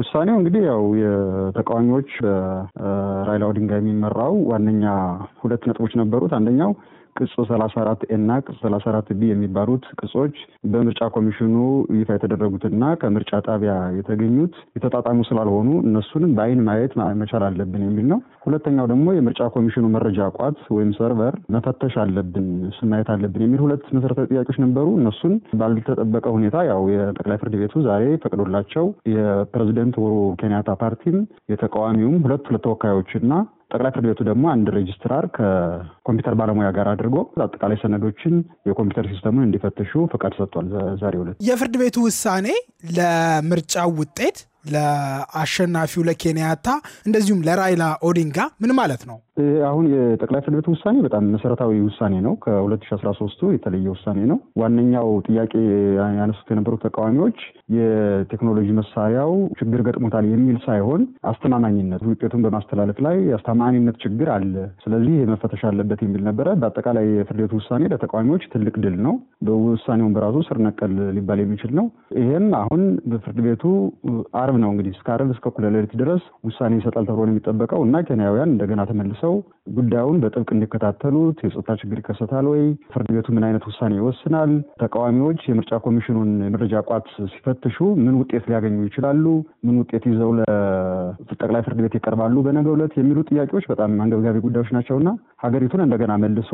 ውሳኔው እንግዲህ ያው የተቃዋሚዎች በራይላ ኦዲንጋ የሚመራው ዋነኛ ሁለት ነጥቦች ነበሩት። አንደኛው ቅጹ 34 ኤና ቅጽ 34 ቢ የሚባሉት ቅጾች በምርጫ ኮሚሽኑ ይፋ የተደረጉትና ከምርጫ ጣቢያ የተገኙት የተጣጣሙ ስላልሆኑ እነሱን በአይን ማየት መቻል አለብን የሚል ነው። ሁለተኛው ደግሞ የምርጫ ኮሚሽኑ መረጃ ቋት ወይም ሰርቨር መፈተሽ አለብን፣ እሱን ማየት አለብን የሚል ሁለት መሰረታዊ ጥያቄዎች ነበሩ። እነሱን ባልተጠበቀ ሁኔታ ያው የጠቅላይ ፍርድ ቤቱ ዛሬ ፈቅዶላቸው የፕሬዚደንት ኡሁሩ ኬንያታ ፓርቲም የተቃዋሚውም ሁለት ሁለት ተወካዮችና ጠቅላይ ፍርድ ቤቱ ደግሞ አንድ ሬጅስትራር ከኮምፒውተር ባለሙያ ጋር አድርጎ አጠቃላይ ሰነዶችን የኮምፒውተር ሲስተሙን እንዲፈትሹ ፈቃድ ሰጥቷል። ዛሬ ሁለት የፍርድ ቤቱ ውሳኔ ለምርጫው ውጤት ለአሸናፊው ለኬንያታ እንደዚሁም ለራይላ ኦዲንጋ ምን ማለት ነው? አሁን የጠቅላይ ፍርድ ቤት ውሳኔ በጣም መሰረታዊ ውሳኔ ነው። ከ2013ቱ የተለየ ውሳኔ ነው። ዋነኛው ጥያቄ ያነሱት የነበሩት ተቃዋሚዎች የቴክኖሎጂ መሳሪያው ችግር ገጥሞታል የሚል ሳይሆን አስተማማኝነት፣ ውጤቱን በማስተላለፍ ላይ አስተማማኝነት ችግር አለ፣ ስለዚህ መፈተሻ አለበት የሚል ነበረ። በአጠቃላይ የፍርድ ቤቱ ውሳኔ ለተቃዋሚዎች ትልቅ ድል ነው። በውሳኔውን በራሱ ስር ነቀል ሊባል የሚችል ነው። ይህም አሁን በፍርድ ቤቱ አርብ ነው እንግዲህ እስከ አርብ እስከ እኩለ ሌሊት ድረስ ውሳኔ ይሰጣል ተብሎ ነው የሚጠበቀው እና ኬንያውያን እንደገና ተመልሰው ጉዳዩን በጥብቅ እንዲከታተሉት የጸጥታ ችግር ይከሰታል ወይ፣ ፍርድ ቤቱ ምን አይነት ውሳኔ ይወስናል፣ ተቃዋሚዎች የምርጫ ኮሚሽኑን የመረጃ ቋት ሲፈትሹ ምን ውጤት ሊያገኙ ይችላሉ፣ ምን ውጤት ይዘው ለጠቅላይ ፍርድ ቤት ይቀርባሉ በነገ ዕለት የሚሉ ጥያቄዎች በጣም አንገብጋቢ ጉዳዮች ናቸውና ሀገሪቱን እንደገና መልሶ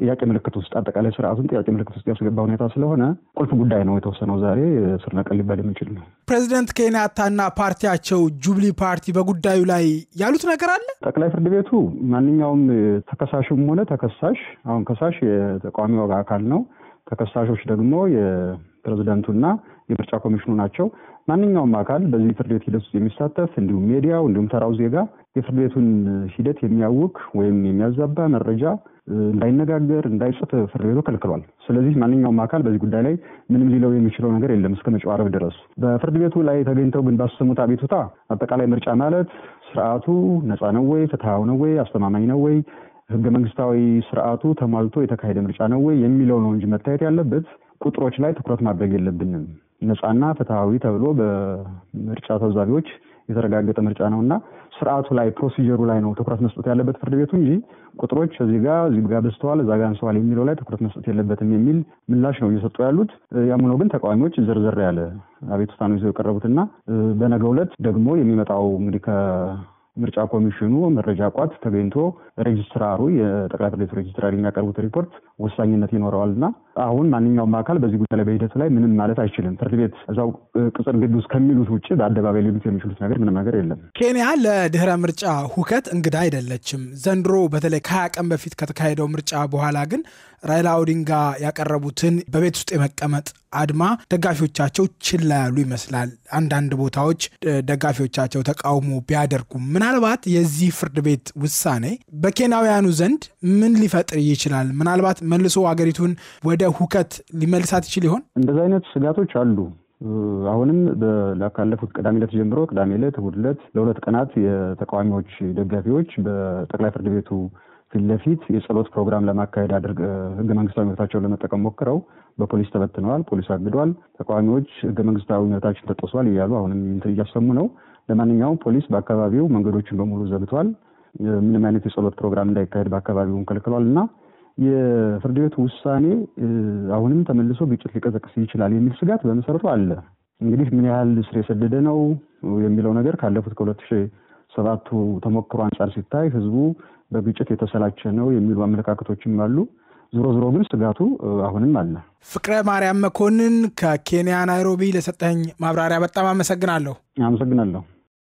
ጥያቄ ምልክት ውስጥ አጠቃላይ ስርዓቱን ጥያቄ ምልክት ውስጥ ያስገባ ሁኔታ ስለሆነ ቁልፍ ጉዳይ ነው የተወሰነው ዛሬ ስር ነቀል ሊባል የሚችል ነው። ፕሬዚደንት ኬንያታና ፓርቲያቸው ጁብሊ ፓርቲ በጉዳዩ ላይ ያሉት ነገር አለ። ጠቅላይ ፍርድ ቤቱ ማንኛውም ተከሳሽም ሆነ ተከሳሽ አሁን ከሳሽ የተቃዋሚ አካል ነው። ተከሳሾች ደግሞ ፕሬዚደንቱና የምርጫ ኮሚሽኑ ናቸው። ማንኛውም አካል በዚህ ፍርድ ቤት ሂደት ውስጥ የሚሳተፍ እንዲሁም ሜዲያው እንዲሁም ተራው ዜጋ የፍርድ ቤቱን ሂደት የሚያውቅ ወይም የሚያዛባ መረጃ እንዳይነጋገር፣ እንዳይጽፍ ፍርድ ቤቱ ከልክሏል። ስለዚህ ማንኛውም አካል በዚህ ጉዳይ ላይ ምንም ሊለው የሚችለው ነገር የለም እስከ መጪው ዓርብ ድረስ። በፍርድ ቤቱ ላይ ተገኝተው ግን ባሰሙት አቤቱታ አጠቃላይ ምርጫ ማለት ስርዓቱ ነፃ ነው ወይ፣ ፍትሃዊ ነው ወይ፣ አስተማማኝ ነው ወይ፣ ህገ መንግስታዊ ስርዓቱ ተሟልቶ የተካሄደ ምርጫ ነው ወይ የሚለው ነው እንጂ መታየት ያለበት ቁጥሮች ላይ ትኩረት ማድረግ የለብንም። ነፃና ፍትሐዊ ተብሎ በምርጫ ታዛቢዎች የተረጋገጠ ምርጫ ነው እና ስርዓቱ ላይ ፕሮሲጀሩ ላይ ነው ትኩረት መስጠት ያለበት ፍርድ ቤቱ እንጂ ቁጥሮች እዚህ ጋ እዚህ ጋ በዝተዋል፣ እዛ ጋ አንሰዋል የሚለው ላይ ትኩረት መስጠት የለበትም የሚል ምላሽ ነው እየሰጡ ያሉት። ያም ሆኖ ግን ተቃዋሚዎች ዘርዘር ያለ አቤቱታ ነው ይዘው እና በነገ ዕለት ደግሞ የሚመጣው እንግዲህ ምርጫ ኮሚሽኑ መረጃ ቋት ተገኝቶ ሬጅስትራሩ የጠቅላይ ፍርድ ቤቱ ሬጅስትራር የሚያቀርቡት ሪፖርት ወሳኝነት ይኖረዋል እና አሁን ማንኛውም አካል በዚህ ጉዳይ ላይ በሂደት ላይ ምንም ማለት አይችልም። ፍርድ ቤት እዛው ቅጽር ግቢ ውስጥ ከሚሉት ውጭ በአደባባይ ሊሉት የሚችሉት ነገር ምንም ነገር የለም። ኬንያ ለድህረ ምርጫ ሁከት እንግዳ አይደለችም። ዘንድሮ በተለይ ከሀያ ቀን በፊት ከተካሄደው ምርጫ በኋላ ግን ራይላ ኦዲንጋ ያቀረቡትን በቤት ውስጥ የመቀመጥ አድማ ደጋፊዎቻቸው ችላ ያሉ ይመስላል። አንዳንድ ቦታዎች ደጋፊዎቻቸው ተቃውሞ ቢያደርጉም ምናልባት የዚህ ፍርድ ቤት ውሳኔ በኬንያውያኑ ዘንድ ምን ሊፈጥር ይችላል? ምናልባት መልሶ አገሪቱን ወደ ሁከት ሊመልሳት ይችል ይሆን? እንደዚ አይነት ስጋቶች አሉ። አሁንም ካለፉት ቅዳሜ ዕለት ጀምሮ ቅዳሜ ዕለት፣ እሑድ ዕለት ለሁለት ቀናት የተቃዋሚዎች ደጋፊዎች በጠቅላይ ፍርድ ቤቱ ፊት ለፊት የጸሎት ፕሮግራም ለማካሄድ አድርግ ህገ መንግስታዊ መብታቸውን ለመጠቀም ሞክረው በፖሊስ ተበትነዋል። ፖሊስ አግዷል። ተቃዋሚዎች ህገ መንግስታዊ መብታችን ተጠሷል እያሉ አሁንም እያሰሙ ነው። ለማንኛውም ፖሊስ በአካባቢው መንገዶችን በሙሉ ዘግቷል። ምንም አይነት የጸሎት ፕሮግራም እንዳይካሄድ በአካባቢውን ከልክሏል እና የፍርድ ቤት ውሳኔ አሁንም ተመልሶ ግጭት ሊቀዘቅስ ይችላል የሚል ስጋት በመሰረቱ አለ። እንግዲህ ምን ያህል ስር የሰደደ ነው የሚለው ነገር ካለፉት ከሁለት ሺህ ሰባቱ ተሞክሮ አንጻር ሲታይ ህዝቡ በግጭት የተሰላቸ ነው የሚሉ አመለካከቶችም አሉ። ዞሮ ዞሮ ግን ስጋቱ አሁንም አለ። ፍቅረ ማርያም መኮንን ከኬንያ ናይሮቢ ለሰጠኝ ማብራሪያ በጣም አመሰግናለሁ። አመሰግናለሁ።